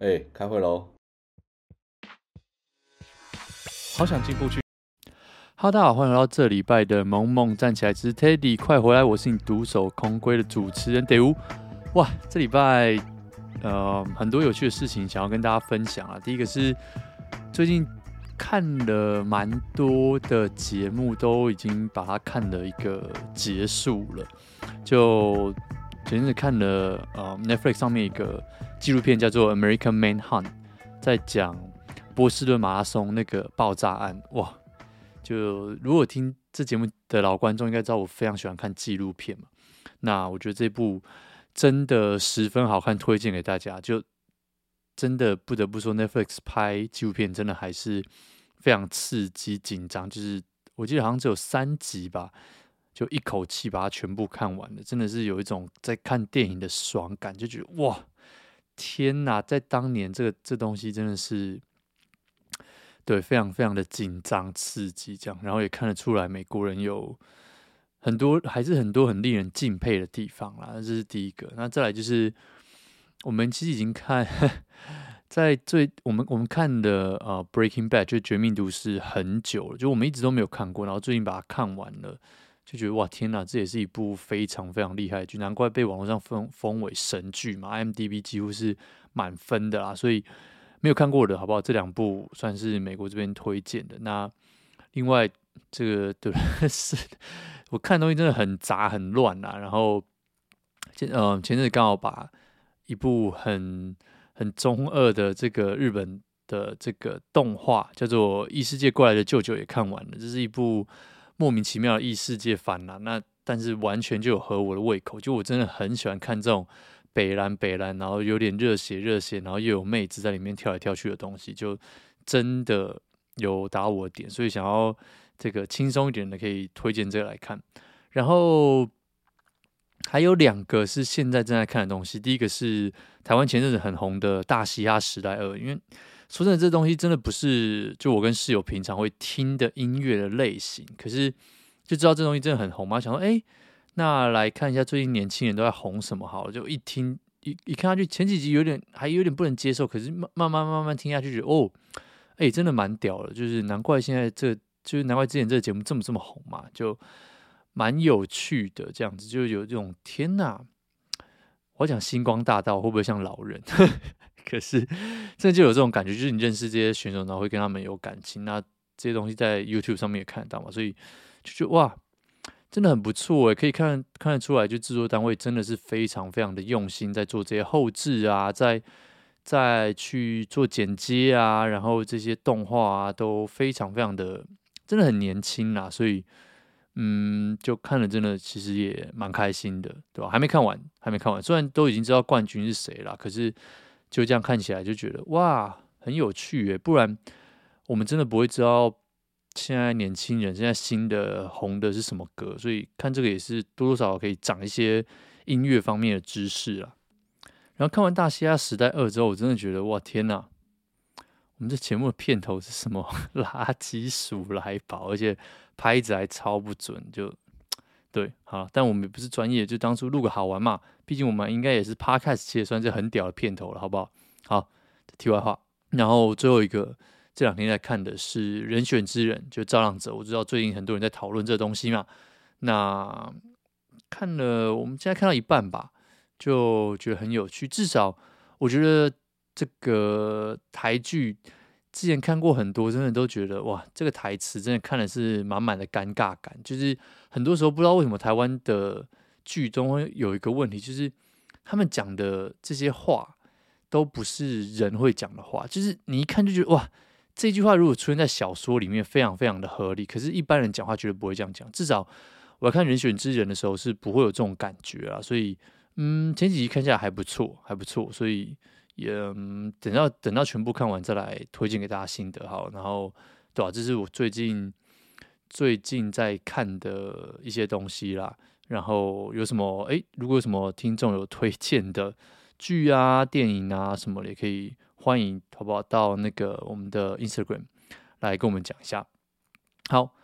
哎、欸，開會嘍！好想進步去。哈嘍，大家好，歡迎來到這禮拜的《萌萌站起來》。Teddy，快回來！我是你獨守空閨的主持人。得物哇，這禮拜呃很多有趣的事情想要跟大家分享啊。第一個是最近看了蠻多的節目，都已經把它看了一個結束了。就前陣子看了呃 Netflix 上面一個。紀錄片叫做《American Manhunt》，在講波士頓馬拉松那個爆炸案。哇！就如果聽這節目的老觀眾應該知道，我非常喜歡看紀錄片嘛。那我覺得這部真的十分好看，推薦給大家。就真的不得不說，Netflix 拍紀錄片真的還是非常刺激、緊張。就是我記得好像只有三集吧，就一口氣把它全部看完了，真的是有一種在看電影的爽感，就覺得哇！天吶，在當年，這個這東西真的是，對，非常非常的緊張刺激，這樣，然後也看得出來美國人有很多，還是很多很令人敬佩的地方啦。這是第一個，那再來就是，我們其實已經看，在最我們我們看的呃《Breaking Bad》，就是《絕命毒師》很久了，就我們一直都沒有看過，然後最近把它看完了。就覺得哇，天哪，這也是一部非常非常厲害的劇，難怪被網絡上封封為神劇嘛！IMDb 幾乎是滿分的啦，所以沒有看過的，好不好？這兩部算是美國這邊推薦的。那另外這個對，是我看的東西真的很雜很亂啊。然後、呃、前嗯前陣子剛好把一部很很中二的這個日本的這個動畫叫做《異世界過來的舅舅》也看完了，這是一部。莫名其妙的異世界煩惱，那但是完全就有合我的胃口，就我真的很喜歡看這種北藍、北藍，然後有點熱血熱血，然後又有妹子在裡面跳來跳去的東西，就真的有打我的點，所以想要這個輕鬆一點的可以推薦這個來看。然後還有兩個是現在正在看的東西，第一個是台灣前陣子很紅的《大嘻哈時代2》，因為。說真的，這東西真的不是就我跟室友平常會聽的音樂的類型，可是就知道這東西真的很紅嘛。想說，哎，那來看一下最近年輕人都在紅什麼好了。就一聽一一看下去，前幾集有點還有點不能接受，可是慢慢慢慢聽下去，覺得哦，哎，真的蠻屌的。就是難怪現在這，就是難怪之前這個節目這麼這麼紅嘛，就蠻有趣的這樣子，就有這種，天吶，我要講星光大道會不會像老人？ 可是，真的就有這種感覺，就是你認識這些選手，然後會跟他們有感情啊。那這些東西在 YouTube 上面也看得到嘛，所以就覺得哇，真的很不錯欸。可以看看得出來，就制作單位真的是非常非常的用心在做這些後製啊，在在去做剪接啊，然後這些動畫啊都非常非常的真的很年輕啦。所以嗯，就看了真的其實也蠻開心的，對吧？還沒看完，還沒看完，雖然都已經知道冠軍是誰啦，可是。就這樣看起來就覺得哇，很有趣誒。不然我們真的不會知道現在年輕人現在新的紅的是什麼歌，所以看這個也是多多少少可以長一些音樂方面的知識啊。然後看完《大嘻哈時代二》之後，我真的覺得哇，天哪，我們這節目的片頭是什麼 垃圾鼠來寶，而且拍子還超不準，就。對，好，但我們也不是專業，就當初錄個好玩嘛。畢竟我們應該也是 Podcast 其實也算是很屌的片頭了，好不好？好，題外話。然後最後一個，這兩天在看的是《人選之人》，就造浪者。我知道最近很多人在討論這個東西嘛。那看了，我們現在看到一半吧，就覺得很有趣。至少我覺得這個台劇。之前看過很多，真的都覺得哇，這個台詞真的看的是滿滿的尷尬感。就是很多時候不知道為什麼台灣的劇中會有一個問題，就是他們講的這些話都不是人會講的話。就是你一看就覺得哇，這句話如果出現在小說裡面，非常非常的合理。可是，一般人講話絕對不會這樣講。至少我看《人選之人》的時候是不會有這種感覺啊。所以，嗯，前幾集看起來還不錯，還不錯。所以。也、嗯、等到等到全部看完再來推薦給大家心得好，然後對吧、啊？這是我最近最近在看的一些東西啦，然後有什麼哎，如果有什麼聽眾有推薦的劇啊、電影啊什麼的，也可以歡迎投稿到那個我們的 Instagram 來跟我們講一下。好。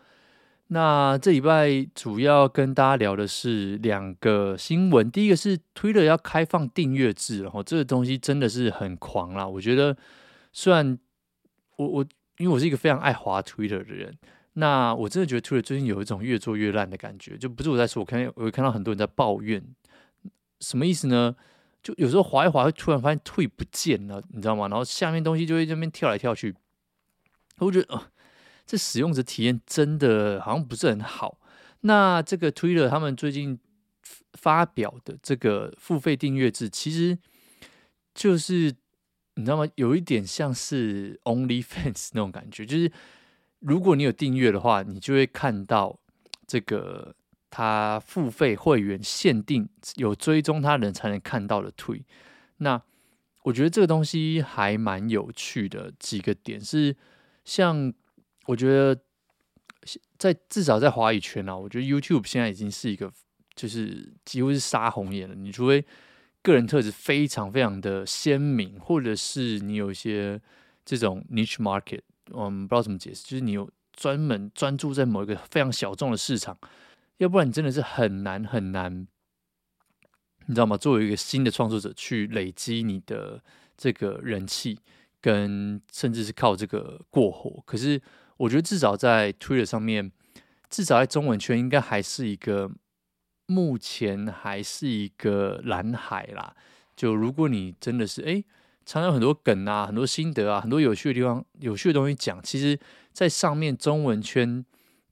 那這禮拜主要跟大家聊的是兩個新聞，第一個是 Twitter 要開放訂閱制，然後這個東西真的是很狂啦。我覺得，雖然我我因為我是一個非常愛滑 Twitter 的人，那我真的覺得 Twitter 最近有一種越做越爛的感覺，就不是我在說，我看見、我會看到很多人在抱怨，什麼意思呢？就有時候滑一滑，會突然發現推不見了，你知道嗎？然後下面東西就會這邊跳來跳去，我覺得、呃這使用者體驗真的好像不是很好。那這個 Twitter 他們最近發表的這個付費訂閱制，其實就是你知道嗎？有一點像是 OnlyFans 那種感覺，就是如果你有訂閱的話，你就會看到這個他付費會員限定有追蹤他人才能看到的推。那我覺得這個東西還蠻有趣的，幾個點是像，我覺得在至少在華語圈啊，我覺得 YouTube 現在已經是一個，就是幾乎是殺紅眼了。你除非個人特質非常非常的鮮明，或者是你有一些這種 niche market，嗯，不知道怎麼解釋，就是你有專門專注在某一個非常小眾的市場，要不然你真的是很難很難，你知道嗎？作為一個新的創作者去累積你的這個人氣，跟甚至是靠這個過火，可是。我覺得至少在 Twitter 上面，至少在中文圈應該還是一個目前還是一個藍海啦。就如果你真的是哎，欸，常常有很多梗啊、很多心得啊、很多有趣的地方、有趣的東西講，其實，在上面中文圈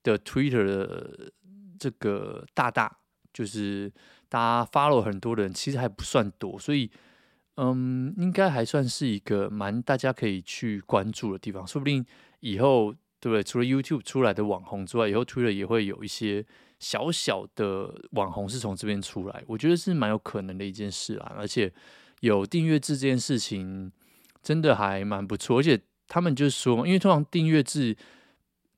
的 Twitter 的這個大大，就是大家 follow 很多人，其實還不算多，所以嗯，應該還算是一個蠻大家可以去關注的地方，說不定以後。對不對？除了 YouTube 出來的網紅之外，以後 Twitter 也會有一些小小的網紅是從這邊出來，我覺得是蠻有可能的一件事啦、啊。而且有訂閱制這件事情，真的還蠻不錯。而且他們就說，因為通常訂閱制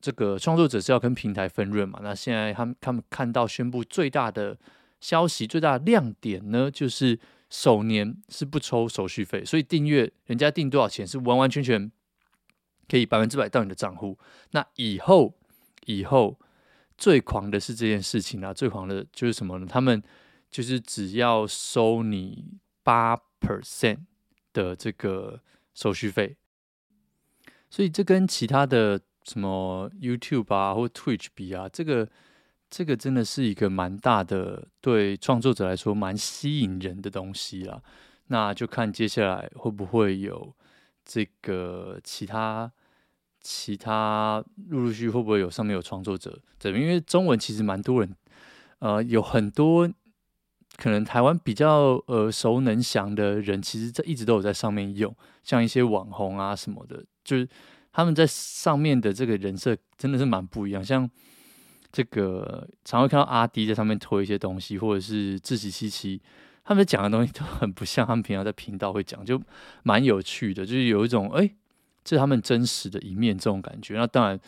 這個創作者是要跟平台分潤嘛。那現在他們他們看到宣布最大的消息、最大的亮點呢，就是首年是不抽手續費，所以訂閱人家訂多少錢是完完全全。可以百分之百到你的賬戶。那以後，以後，最狂的是這件事情啊！最狂的就是什麼呢？他們就是只要收你八 percent 的這個手續費。所以這跟其他的什麼 YouTube 啊或 Twitch 比啊，這個這個真的是一個蠻大的對創作者來說蠻吸引人的東西了啊。那就看接下來會不會有。這個其他其他，陸陸續續會不會有上面有創作者？這因為中文其實蠻多人，呃，有很多可能台灣比較耳、呃、熟能詳的人，其實在一直都有在上面用，像一些網紅啊什麼的，就是他們在上面的這個人設真的是蠻不一樣。像這個，常會看到阿滴在上面推一些東西，或者是志祺七七。他們講的東西都很不像他們平常在頻道會講，就蠻有趣的，就是有一種哎，這、欸、是他們真實的一面這種感覺。那當然，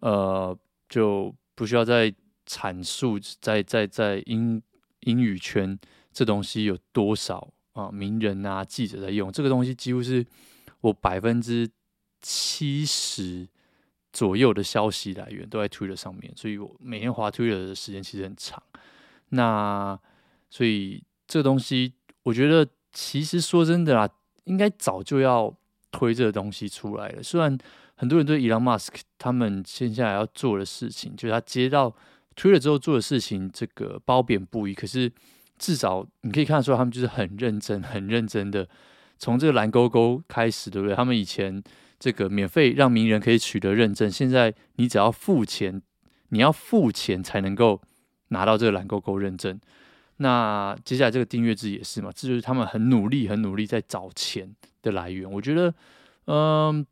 呃，就不需要再闡述，在在在英英語圈這東西有多少啊，名人啊，記者在用這個東西，幾乎是我百分之七十左右的消息來源都在 Twitter 上面，所以我每天滑 Twitter 的時間其實很長。那所以。這個東西，我覺得其實說真的啦，應該早就要推這個東西出來了。雖然很多人對 Elon Musk 他們接下來要做的事情，就是他接到推了之後做的事情，這個褒貶不一。可是至少你可以看得出，他們就是很認真、很認真的，從這個藍勾勾開始，對不對？他們以前這個免費讓名人可以取得認證，現在你只要付錢，你要付錢才能夠拿到這個藍勾勾認證。那接下來這個訂閱制也是嘛，這就是他們很努力、很努力在找錢的來源。我覺得，嗯、呃，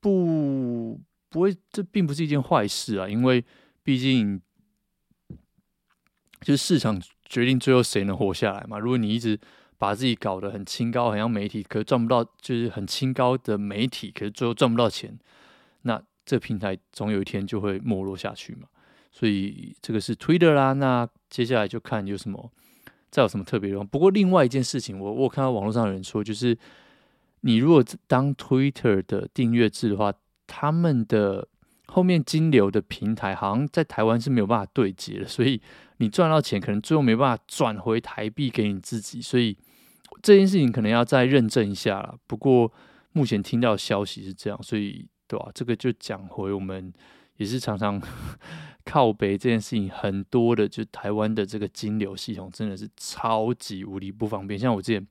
不，不會，這並不是一件壞事啊，因為畢竟就是市場決定最後誰能活下來嘛。如果你一直把自己搞得很清高，很像媒體，可是賺不到，就是很清高的媒體，可是最後賺不到錢，那這平台總有一天就會沒落下去嘛。所以這個是推特啦，那。接下來就看有什麼，再有什麼特別的。不過，另外一件事情，我我看到網絡上有人說，就是你如果當 Twitter 的訂閱制的話，他們的後面金流的平台好像在台灣是沒有辦法對接的，所以你賺到錢可能最後沒辦法轉回台幣給你自己。所以這件事情可能要再認證一下了。不過目前聽到的消息是這樣，所以對啊，這個就講回我們。也是常常靠北這件事情，很多的就台灣的這個金流系統真的是超級無力不方便。像我之前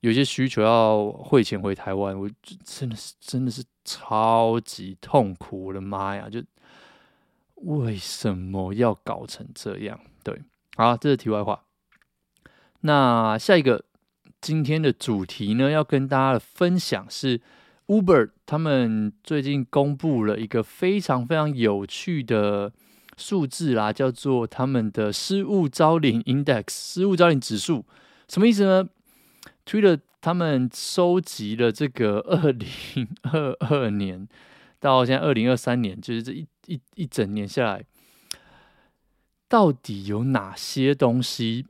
有些需求要匯錢回台灣，我真的是真的是超級痛苦，我的媽呀！就為什麼要搞成這樣？對，好，這是題外話。那下一個今天的主題呢，要跟大家分享的是。Uber 他們最近公布了一個非常非常有趣的數字啦，叫做他們的失物招領 index 失物招領指數，什麼意思呢？Twitter 他們收集了這個二零二二年到現在二零二三年，就是這一一一整年下來，到底有哪些東西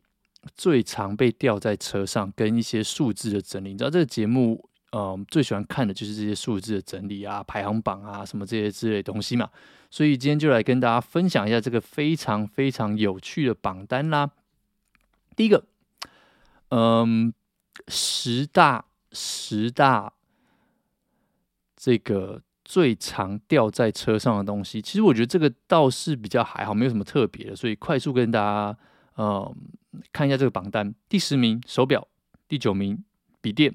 最常被掉在車上，跟一些數字的整理。你知道這個節目？嗯，最喜歡看的就是這些數字的整理啊、排行榜啊，什麼這些之類東西嘛。所以今天就來跟大家分享一下這個非常非常有趣的榜單啦。第一個，嗯，十大十大這個最常掉在車上的東西，其實我覺得這個倒是比較還好，沒有什麼特別的。所以快速跟大家，嗯，看一下這個榜單。第十名，手表；第九名，筆電。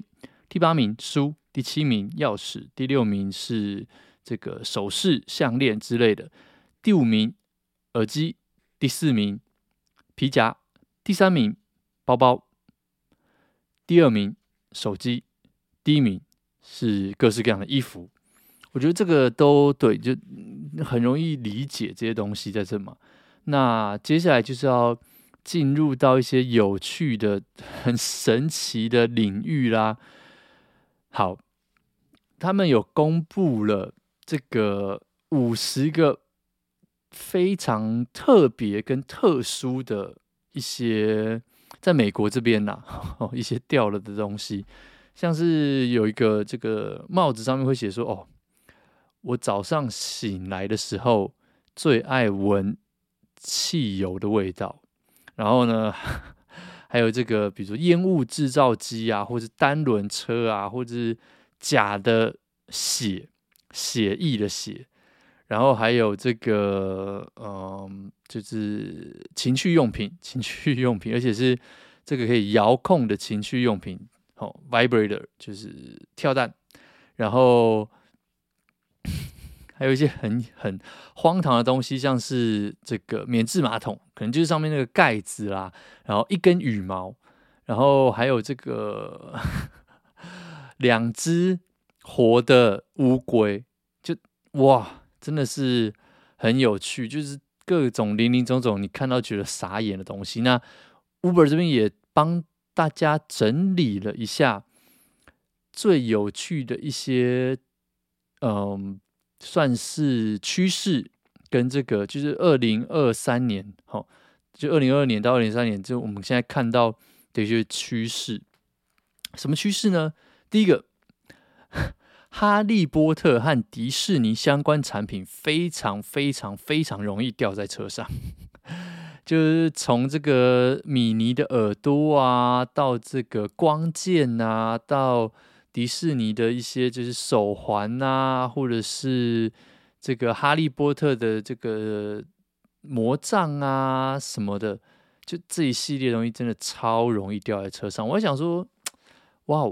第八名書，第七名鑰匙，第六名是這個首飾項鏈之類的，第五名耳機，第四名皮夾，第三名包包，第二名手機，第一名是各式各樣的衣服。我覺得這個都對，就很容易理解這些東西在這嘛。那接下來就是要進入到一些有趣的、很神奇的領域啦。好，他們有公布了這個五十個非常特別跟特殊的一些，在美國這邊吶，啊，哦，一些掉了的東西，像是有一個這個帽子上面會寫說：“哦，我早上醒來的時候最愛聞汽油的味道。”然後呢，還有這個，比如說煙霧製造機啊，或者是單輪車啊，或者是假的血，血液的血。然後還有這個，嗯、呃，就是情趣用品，情趣用品，而且是這個可以遙控的情趣用品，哦，vibrator 就是跳蛋。然後。還有一些很很荒唐的東西，像是這個免治馬桶，可能就是上面那個蓋子啦，然後一根羽毛，然後還有這個兩隻活的烏龜，就哇，真的是很有趣，就是各種林林總總，你看到覺得傻眼的東西。那 Uber 這邊也幫大家整理了一下最有趣的一些，嗯、呃。算是趨勢跟這個，就是二零二三年，好，就二零二二年到二零二三年，就我們現在看到的一些趨勢，什麼趨勢呢？第一個，哈利波特和迪士尼相關產品非常非常非常容易掉在車上，就是從這個米妮的耳朵啊，到這個光劍啊，到。迪士尼的一些就是手環啊，或者是這個哈利波特的這個魔杖啊什麼的，就這一系列東西真的超容易掉在車上。我想說，哇，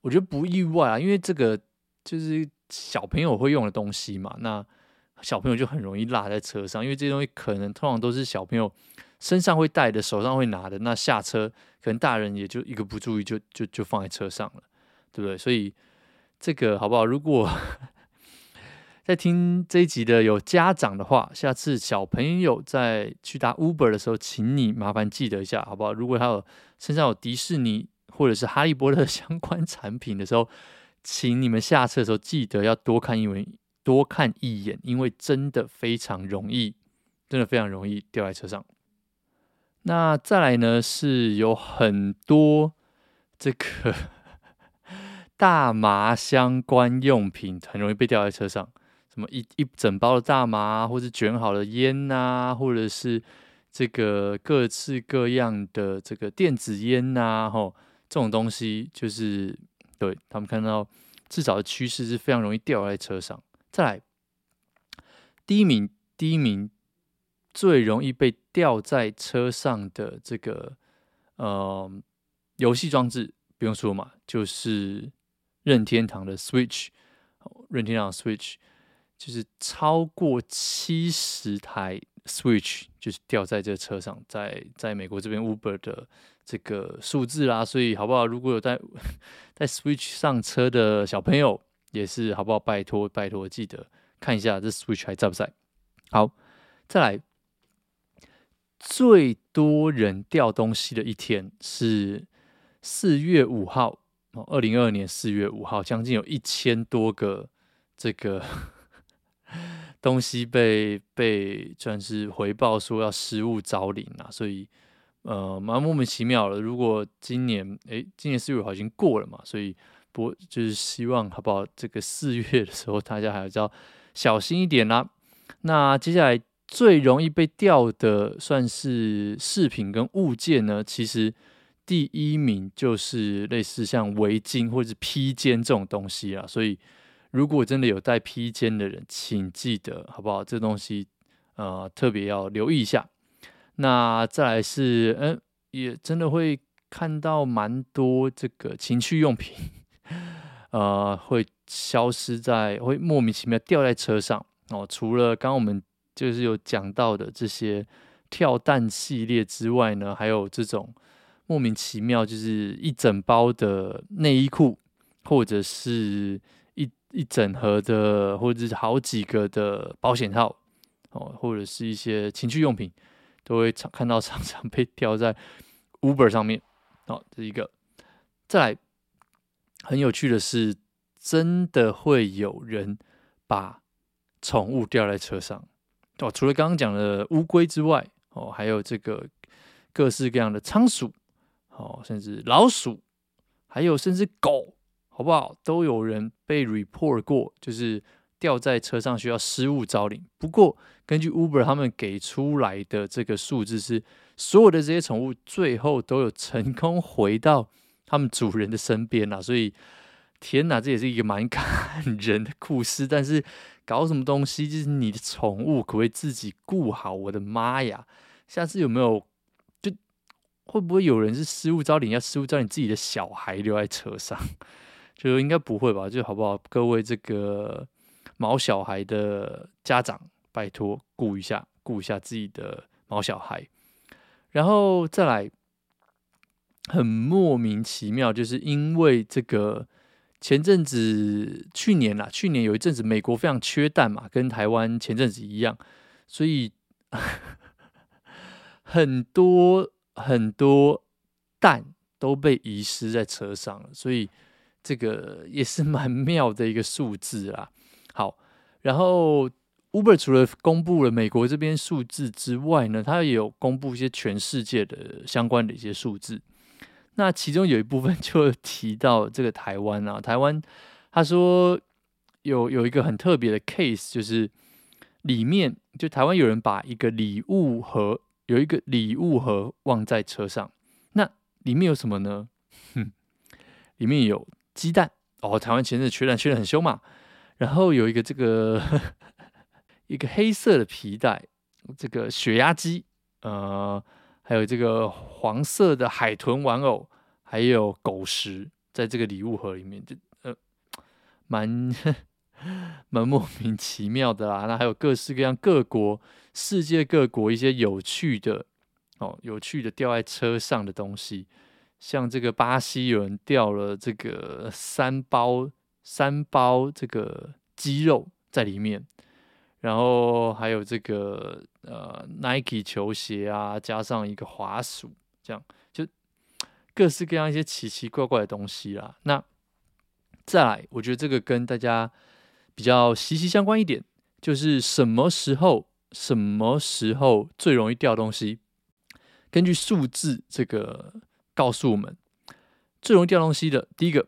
我覺得不意外啊，因為這個就是小朋友會用的東西嘛，那小朋友就很容易落在車上，因為這些東西可能通常都是小朋友身上會帶的，手上會拿的，那下車可能大人也就一個不注意就就就放在車上了。對不對？所以這個好不好？如果在聽這一集的有家長的話，下次小朋友在去打 Uber 的時候，請你麻煩記得一下好不好？如果他有身上有迪士尼或者是哈利波特的相關產品的時候，請你們下車的時候記得要多看一文多看一眼，因為真的非常容易，真的非常容易掉在車上。那再來呢，是有很多這個。大麻相關用品很容易被掉在車上，什麼一一整包的大麻，或者捲好的煙吶、啊，或者是這個各式各樣的這個電子煙吶、啊，吼，這種東西就是對，他們看到至少的趨勢是非常容易掉在車上。再來，第一名，第一名最容易被掉在車上的這個呃遊戲裝置，不用說嘛，就是。任天堂的 Switch，任天堂 Switch 就是超過七十台 Switch 就是掉在這車上，在在美國這邊 Uber 的這個數字啦，所以好不好？如果有帶帶 Switch 上車的小朋友，也是好不好？拜託拜託，記得看一下這 Switch 還在不在。好，再來，最多人掉東西的一天是四月五號。二零二二年四月五號，將近有一千多個這個呵呵東西被被算是回報說要失物招領啊，所以呃蠻莫名其妙的。如果今年誒、欸，今年四月五號已經過了嘛，所以不就是希望好不好？這個四月的時候，大家還要要小心一點啦。那接下來最容易被掉的算是飾品跟物件呢，其實。第一名就是類似像圍巾或者披肩這種東西啦，所以如果真的有帶披肩的人，請記得，好不好？這個、東西呃特別要留意一下。那再來是，嗯、呃，也真的會看到蠻多這個情趣用品，呃，會消失在，會莫名其妙掉在車上哦、呃。除了剛剛我們就是有講到的這些跳蛋系列之外呢，還有這種。莫名其妙，就是一整包的內衣褲，或者是一一整盒的，或者是好幾個的保險套，哦，或者是一些情趣用品，都會常看到常常被掉在 Uber 上面，哦，這一個。再來，很有趣的是，真的會有人把寵物掉在車上，哦，除了剛剛講的烏龜之外，哦，還有這個各式各樣的倉鼠。哦，甚至老鼠，還有甚至狗，好不好？都有人被 report 過，就是掉在車上需要失物招領。不過，根據 Uber 他們給出來的這個數字是，所有的這些寵物最後都有成功回到他們主人的身邊啦。所以，天哪、啊，這也是一個蠻感人的故事。但是，搞什麼東西，就是你的寵物可不可以自己顧好？我的媽呀！下次有沒有？會不會有人是失物招領？要失物招你自己的小孩留在車上，就應該不會吧？就好不好？各位這個毛小孩的家長，拜託顧一下，顧一下自己的毛小孩。然後再來，很莫名其妙，就是因為這個前陣子去年啦，去年有一陣子美國非常缺蛋嘛，跟台灣前陣子一樣，所以 很多。很多蛋都被遺失在車上，所以這個也是蠻妙的一個數字啦。好，然後 Uber 除了公布了美國這邊數字之外呢，它也有公布一些全世界的相關的一些數字。那其中有一部分就提到這個台灣啊，台灣他說有有一個很特別的 case，就是裡面就台灣有人把一個禮物盒，有一個禮物盒忘在車上，那裡面有什麼呢？哼裡面有雞蛋哦，台灣前陣子缺蛋，缺的很凶嘛。然後有一個這個呵呵一個黑色的皮帶，這個血壓機，呃，還有這個黃色的海豚玩偶，還有狗食，在這個禮物盒裡面，就呃，蠻。呵呵蠻莫名其妙的啦，那還有各式各樣各國、世界各國一些有趣的哦，有趣的掉在車上的東西，像這個巴西有人掉了這個三包三包這個雞肉在裡面，然後還有這個呃 Nike 球鞋啊，加上一個滑鼠，這樣就各式各樣一些奇奇怪怪的東西啦。那再來，我覺得這個跟大家。比較息息相關一點，就是什麼時候、什麼時候最容易掉東西？根據數字這個告訴我們，最容易掉東西的第一個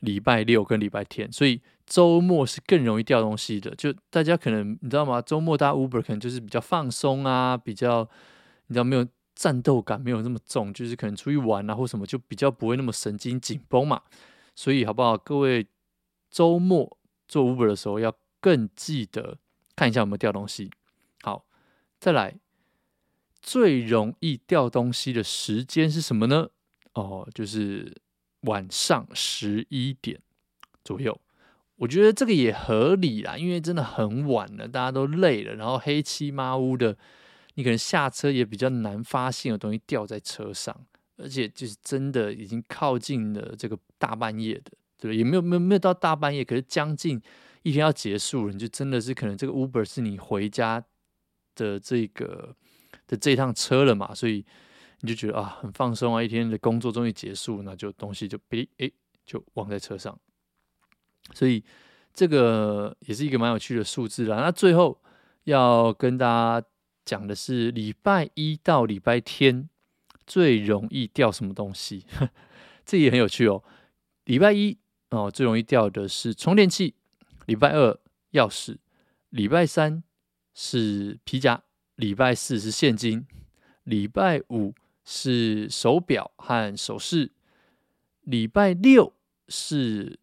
禮拜六跟禮拜天，所以周末是更容易掉東西的。就大家可能你知道嗎？周末大家 Uber 可能就是比較放鬆啊，比較你知道沒有戰鬥感，沒有那麼重，就是可能出去玩啊或什麼，就比較不會那麼神經緊繃嘛。所以好不好，各位周末。做 Uber 的時候要更記得看一下有沒有掉東西。好，再來，最容易掉東西的時間是什麼呢？哦，就是晚上十一點左右。我覺得這個也合理啦，因為真的很晚了，大家都累了，然後黑漆麻烏的，你可能下車也比較難發現有東西掉在車上，而且就是真的已經靠近了這個大半夜的。對，也沒有沒有沒有到大半夜，可是將近一天要結束了，你就真的是可能這個 Uber 是你回家的這個的這趟車了嘛，所以你就覺得啊，很放鬆啊，一天的工作終於結束了，那就東西就嗶哎、呃、就忘在車上，所以這個也是一個蠻有趣的數字啦。那最後要跟大家講的是，禮拜一到禮拜天最容易掉什麼東西？哼，這也很有趣哦。禮拜一。哦，最容易掉的是充電器。禮拜二鑰匙，禮拜三是皮夾，禮拜四是現金，禮拜五是手錶和首飾，禮拜六是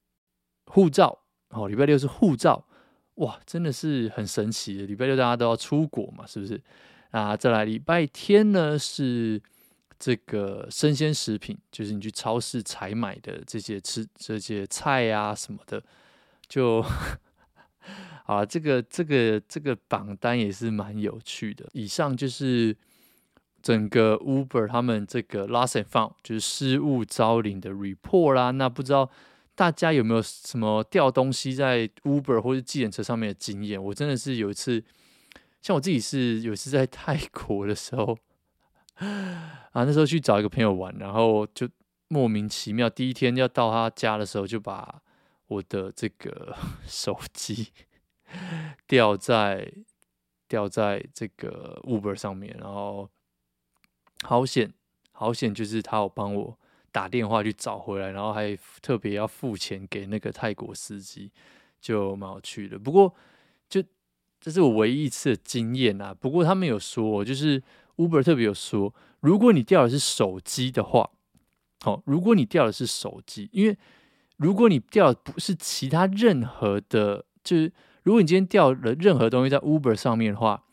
護照。哦，禮拜六是護照，哇，真的是很神奇。禮拜六大家都要出國嘛，是不是？啊，再來禮拜天呢是。這個生鮮食品，就是你去超市採買的這些吃這些菜啊什麼的，就啊，這個這個這個榜單也是蠻有趣的。以上就是整個 Uber 他們這個 Lost and Found，就是失物招領的 report 啦。那不知道大家有沒有什麼掉東西在 Uber 或者計程車上面的經驗？我真的是有一次，像我自己是有一次在泰國的時候。啊，那時候去找一個朋友玩，然後就莫名其妙，第一天要到他家的時候，就把我的這個手機掉在掉在這個 Uber 上面，然後好險好險，就是他有幫我打電話去找回來，然後還特別要付錢給那個泰國司機，就蠻有趣的。不過，就這是我唯一一次的經驗啊。不過他們有說，就是。Uber 特別有說，如果你掉的是手機的話，好、哦，如果你掉的是手機，因為如果你掉的不是其他任何的，就是如果你今天掉了任何東西在 Uber 上面的話，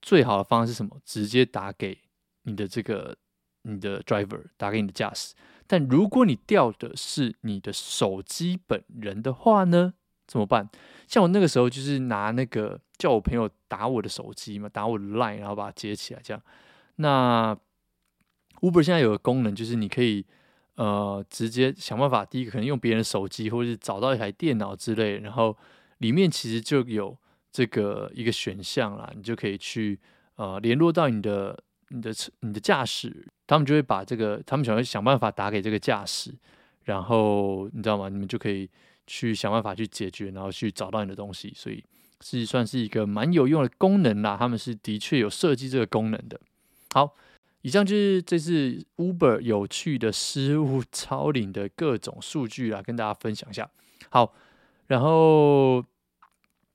最好的方式是什麼？直接打給你的這個你的 driver，打給你的駕駛。但如果你掉的是你的手機本人的話呢？怎麼辦？像我那個時候，就是拿那個叫我朋友打我的手機嘛，打我的 Line，然後把它接起來這樣。那 Uber 現在有個功能，就是你可以呃直接想辦法，第一個可能用別人的手機，或者是找到一台電腦之類，然後裡面其實就有這個一個選項啦，你就可以去呃聯絡到你的你的你的駕駛，他們就會把這個他們想要想辦法打給這個駕駛，然後你知道嗎？你們就可以。去想辦法去解決，然後去找到你的東西，所以，是算是一個蠻有用的功能啦。他們是的確有設計這個功能的。好，以上就是這次 Uber 有趣的失物招領的各種數據啦，跟大家分享一下。好，然後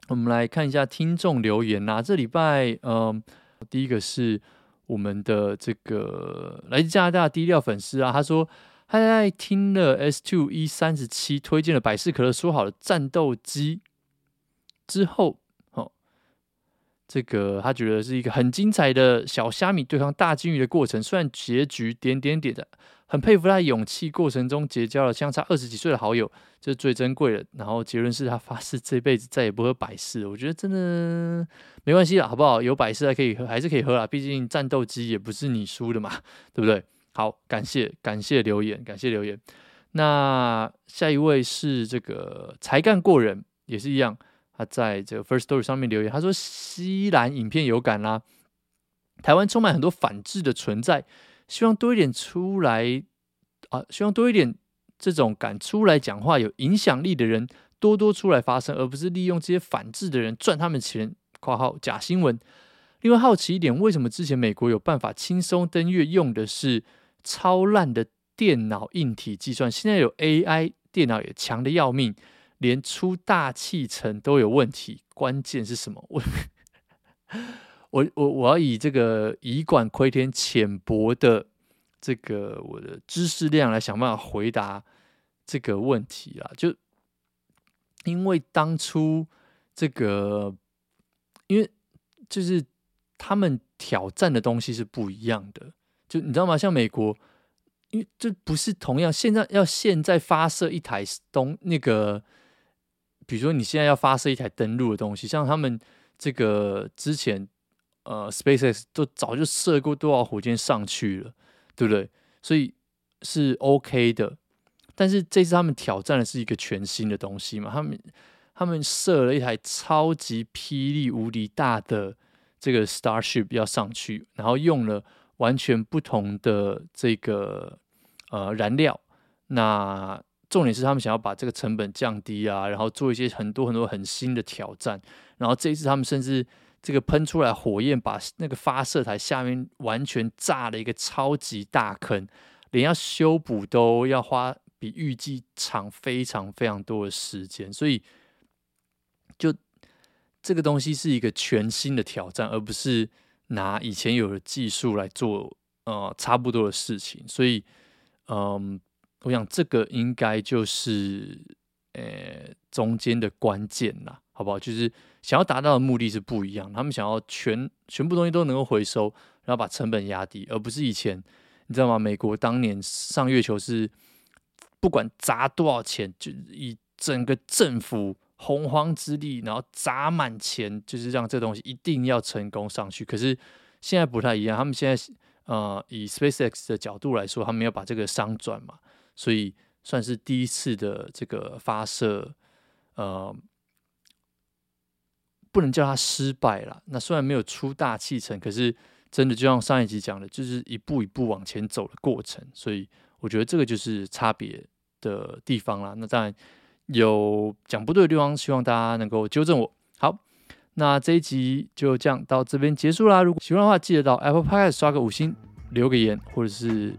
我們來看一下聽眾留言啦。這禮拜，嗯、呃，第一個是我們的這個來自加拿大的低調粉絲啊，他說。他在聽了 S Two E 三十七推薦的百事可樂說好的戰鬥機之後，哦。這個他覺得是一個很精彩的小蝦米對抗大鯨魚的過程。雖然結局點點點的，很佩服他勇氣。過程中結交了相差二十幾歲的好友，這是最珍貴的。然後結論是他發誓這輩子再也不喝百事了。我覺得真的沒關係了，好不好？有百事還可以喝，還是可以喝啦。畢竟戰鬥機也不是你輸的嘛，對不對？好，感謝感謝留言，感謝留言。那下一位是這個才幹過人，也是一樣，他在這個 Firstory 上面留言，他說：西蘭影片有感啦、啊，台灣充滿很多反制的存在，希望多一點出來啊，希望多一點這種敢出來講話、有影響力的人多多出來發聲，而不是利用這些反制的人賺他們錢（括號假新聞）。另外好奇一點，為什麼之前美國有辦法輕鬆登月，用的是？超爛的電腦硬體計算，現在有 AI，電腦也強的要命，連出大氣層都有問題。關鍵是什麼？我我我我要以這個以管窺天、淺薄的這個我的知識量來想辦法回答這個問題啊！就因為當初這個，因為就是他們挑戰的東西是不一樣的。就你知道嗎？像美國，因為這不是同樣，現在要現在發射一台東那個，比如說你現在要發射一台登陸的東西，像他們這個之前呃，SpaceX 都早就射過多少火箭上去了，對不對？所以是 OK 的。但是這次他們挑戰的是一個全新的東西嘛，他們他們射了一台超級霹靂無敵大的這個 Starship 要上去，然後用了。完全不同的這個呃燃料，那重點是他們想要把這個成本降低啊，然後做一些很多很多很新的挑戰。然後這一次他們甚至這個噴出來火焰把那個發射台下面完全炸了一個超級大坑，連要修補都要花比預計長非常非常多的時間。所以，就這個東西是一個全新的挑戰，而不是。拿以前有的技術來做，呃，差不多的事情，所以，嗯、呃，我想這個應該就是，呃、欸，中間的關鍵啦，好不好？就是想要達到的目的是不一樣，他們想要全全部東西都能夠回收，然後把成本壓低，而不是以前，你知道嗎？美國當年上月球是不管砸多少錢，就一整個政府。洪荒之力，然後砸滿錢，就是讓這東西一定要成功上去。可是現在不太一樣，他們現在呃，以 SpaceX 的角度來說，他們要把這個商轉嘛，所以算是第一次的這個發射，呃，不能叫它失敗啦。那雖然沒有出大氣層，可是真的就像上一集講的，就是一步一步往前走的過程。所以我覺得這個就是差別的地方啦。那當然。有講不對的地方，希望大家能夠糾正我。好，那這一集就這樣到這邊結束啦。如果喜歡的話，記得到 Apple Podcast 刷個五星，留個言，或者是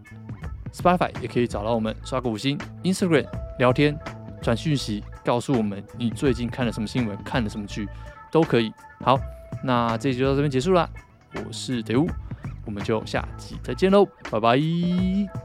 Spotify 也可以找到我們刷個五星。Instagram 聊天、傳訊息，告訴我們你最近看了什麼新聞，看了什麼劇都可以。好，那這一集就到這邊結束啦。我是 Dew，我們就下集再見嘍，拜拜。